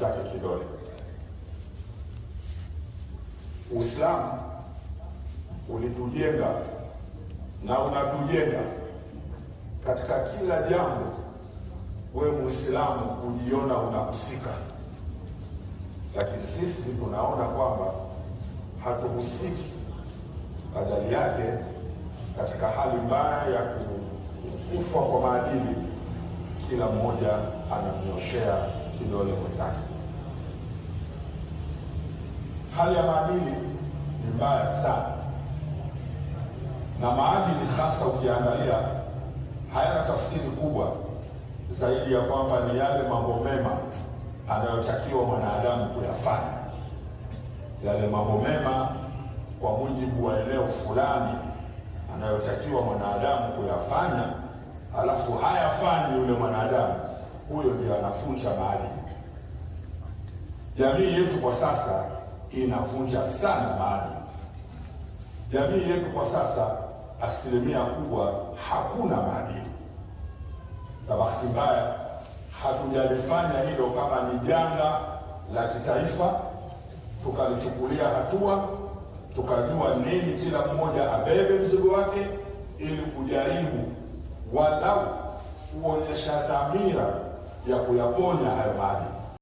zake kidole. Uislamu ulitujenga na unatujenga katika kila jambo, we Muislamu kujiona unahusika, lakini sisi tunaona kwamba hatuhusiki, badali yake katika hali mbaya ya kufa kwa maadili kila mmoja anamnyoshea kidole mwenzake. Hali ya maadili ni mbaya sana, na maadili hasa ukiangalia hayana tafsiri kubwa zaidi ya kwamba ni yale mambo mema anayotakiwa mwanadamu kuyafanya, yale mambo mema kwa mujibu wa eneo fulani anayotakiwa mwanadamu kuyafanya alafu hayafanyi yule mwanadamu, huyo ndio anafunja maadili. Jamii yetu kwa sasa inavunja sana maadili. Jamii yetu kwa sasa asilimia kubwa hakuna maadili, na bahati mbaya hatujalifanya hilo kama ni janga la kitaifa, tukalichukulia hatua, tukajua nini kila mmoja abebe mzigo wake ili kujaribu wadau kuonyesha dhamira ya kuyaponya hayo maadili.